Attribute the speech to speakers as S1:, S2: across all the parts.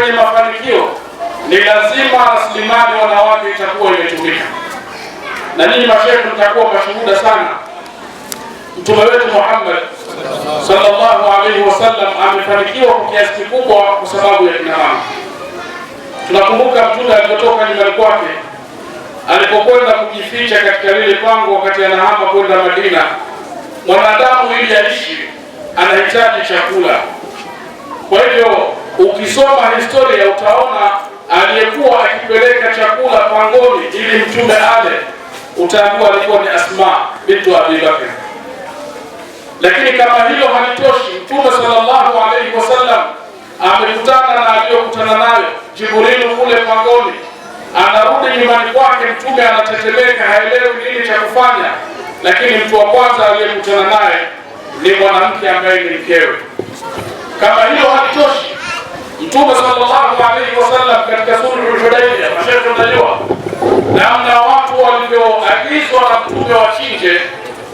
S1: kwenye mafanikio ni lazima rasilimali wanawake itakuwa imetumika, na ninyi mashehe mtakuwa mashuhuda sana. Mtume wetu Muhammad sallallahu alaihi wasallam amefanikiwa kwa kiasi kikubwa kwa sababu ya kina mama. Tunakumbuka Mtume alipotoka nyumbani kwake alipokwenda kujificha katika lile pango, wakati anahama kwenda Madina. Mwanadamu ili aishi anahitaji chakula, kwa hivyo Ukisoma historia utaona aliyekuwa akipeleka chakula pangoni ili mtume ale, utaambiwa alikuwa ni Asma bintu Abi Bakr. Lakini kama hilo halitoshi, mtume sallallahu alaihi wasallam amekutana na aliyokutana nayo Jibrilu kule pangoni, anarudi nyumbani kwake, mtume anatetemeka, haelewi nini cha kufanya. Lakini mtu wa kwanza aliyekutana naye ni mwanamke ambaye ni mkewe. Kama hilo halitoshi Mtume sallallahu alaihi wasallam katika sulhu Hudaibiya, mashehe unajua namna watu walivyoagizwa na Mtume wachinje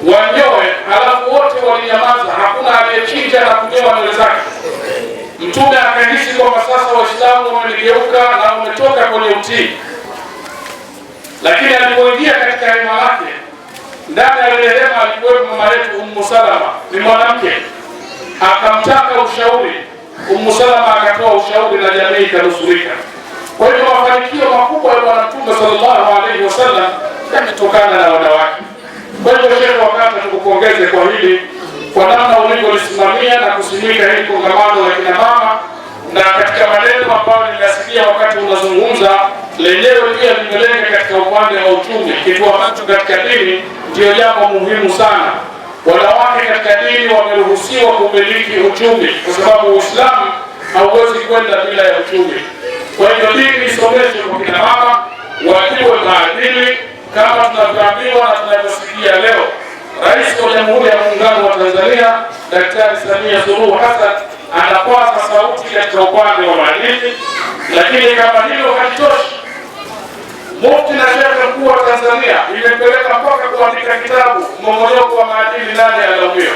S1: wanyoe, halafu wote walinyamaza, hakuna aliyechinja na kunyoa nywele zake. Mtume akahisi kwamba sasa Waislamu wamegeuka na wametoka kwenye utii, lakini alipoingia katika hema lake, ndani ya ile hema alikuwepo mama yetu Ummu Salama, ni mwanamke, akamtaka ushauri Ummu Salama akatoa ushauri na jamii ikanusurika. Kwa hiyo mafanikio makubwa ya Bwana Mtume sallallahu alaihi wasallam yametokana na wanawake. Kwa hivyo, Sheikh, wakata tukupongeze kwa hili, kwa namna ulivyolisimamia na kusimika hili kongamano la kina mama, na katika maneno ambayo nimesikia wakati unazungumza, lenyewe pia limelenga katika upande wa uchumi, kitu ambacho katika dini ndiyo jambo muhimu sana. Wanawake katika dini wameruhusiwa kumiliki uchumi, kwa sababu Uislamu hauwezi kwenda bila ya uchumi. Kwa hivyo dini isomeshe kwa kina mama, wajue maadili kama tunavyoambiwa na tunavyosikia leo. Rais wa Jamhuri ya Muungano wa Tanzania Daktari Samia Suluhu Hassan anapaza sauti katika upande wa maadili, lakini kama hilo halitoshi Mufti na Sheikh mkuu wa Tanzania imepeleka mpaka kuandika kitabu mmomonyoko wa maadili, nani alaumiwe?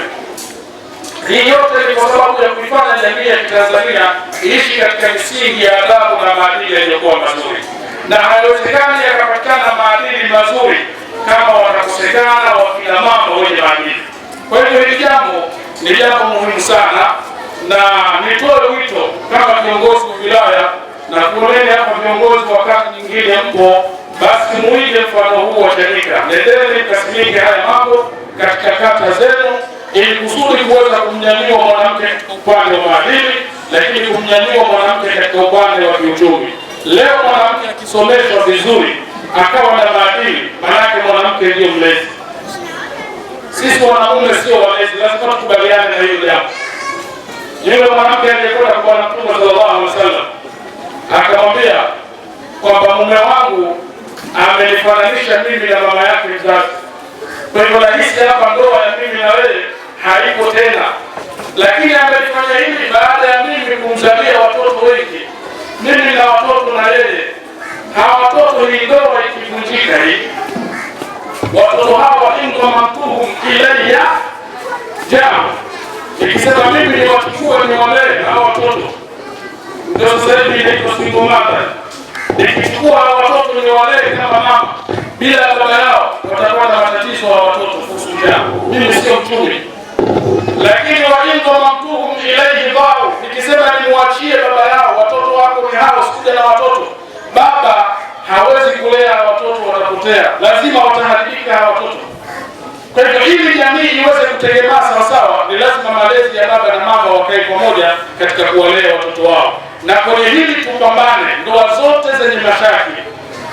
S1: Hii yote ni kwa sababu ya kuifanya jamii ya Kitanzania iishi katika misingi ya adabu na maadili yaliyokuwa mazuri, na haiwezekani yakapatikana maadili mazuri kama watakosekana wakina mama wenye maadili. Kwa hivyo hili jambo ni jambo muhimu sana, na nitoe wito kama viongozi wa wilaya na kuoneni hapa, viongozi wakati nyingine mpo basi muige mfano huu wa Chanika, nendeni mkasimike haya mambo katika kata zenu, ili kusudi kuweza kumnyanyua mwanamke upande wa maadili, lakini kumnyanyua mwanamke katika upande wa kiuchumi. Leo mwanamke akisomeshwa vizuri akawa na maadili, manake mwanamke ndiyo mlezi. Sisi wanaume sio walezi, lazima tukubaliane na hiyo jambo. Yule mwanamke aliyekwenda kwa Bwana Mtume sallallahu alaihi wasallam akamwambia kwamba mume wangu umenifananisha mimi na mama yake mzazi. Kwa hivyo nahisi hapa ndoa ya mimi na wewe haipo tena, lakini amelifanya hivi baada ya mimi kumzalia watoto wengi, mimi na watoto na yeye. Hawa watoto ni ndoa ikivunjika hii, watoto hawa ingwa makuu kileia jamu ikisema mimi niwachukue niwalee hawa watoto, ndio sasa hivi inaitwa single mother nikichukua hao watoto niwalee kama mama, bila ya baba yao watakuwa na matatizo wa watoto kuhusu Mimi sio mchumi lakini waingo mamtuhum ilaihi dhau, nikisema nimwachie baba yao, watoto wako ni hao, sikuja na watoto. Baba hawezi kulea watoto, watapotea, lazima wataharibika hawa watoto. Kwa hivyo ili jamii iweze kutegemaa sawasawa, ni lazima malezi ya baba na mama wakae pamoja katika kuwalea watoto wao na kwenye hili tupambane. Ndoa zote zenye mashaki,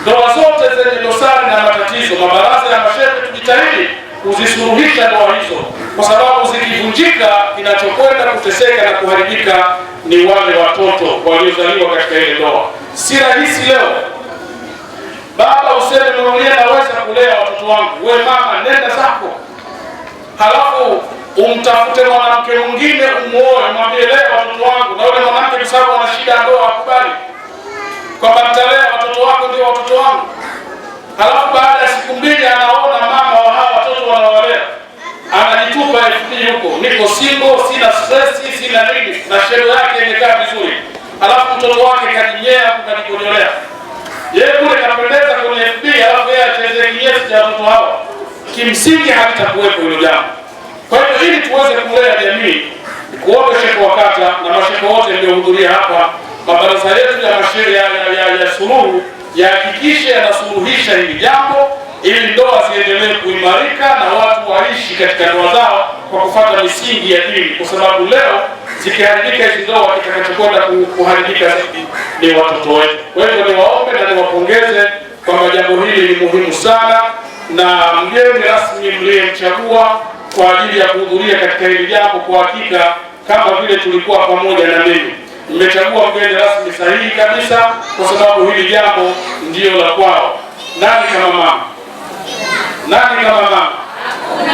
S1: ndoa zote zenye dosari na matatizo, mabaraza ya mashehe tujitahidi kuzisuluhisha ndoa hizo, kwa sababu zikivunjika, kinachokwenda kuteseka na kuharibika ni wale watoto waliozaliwa katika ile ndoa. Si rahisi leo baba useme mimi naweza kulea watoto wangu, we mama nenda zako, halafu umtafute mwanamke mwingine umuoe, mwambie leo watoto wangu, na yule mwanamke kwa sababu ana shida ya ndoa akubali kwamba nitalea watoto wako ndio watoto wangu. Halafu baada ya siku mbili anaona mama wa hawa watoto wanawalea, anajitupa elfu mbili huko, niko single, sina stress, sina nini, na shelo yake imekaa vizuri. Halafu mtoto wake kajinyea kukanikonyolea yeye kule kapendeza kwenye FB, alafu yeye acheze kinyesi cha watoto hawa, kimsingi hakitakuwepo hilo jambo. Kwa hiyo kuweza kulea jamii kuombe shehe wa kata na mashehe wote mliohudhuria hapa, mabaraza yetu ya mashehe ya, ya, ya suluhu yahakikishe yanasuluhisha hili jambo ili ndoa ziendelee kuimarika na watu waishi katika ndoa zao kwa kufata misingi ya dini, kwa sababu leo zikiharibika hizi ndoa, kitakachokwenda kuharibika zaidi ni watoto wetu. Kwa hivyo niwaombe na niwapongeze kwamba jambo hili ni muhimu sana, na mgeni rasmi mliyemchagua kwa ajili ya kuhudhuria katika hili jambo. Kwa hakika kama vile tulikuwa pamoja na mimi, mmechagua mgeni rasmi sahihi kabisa, kwa sababu hili jambo ndiyo la kwao. Nani kama mama? Nani kama mama?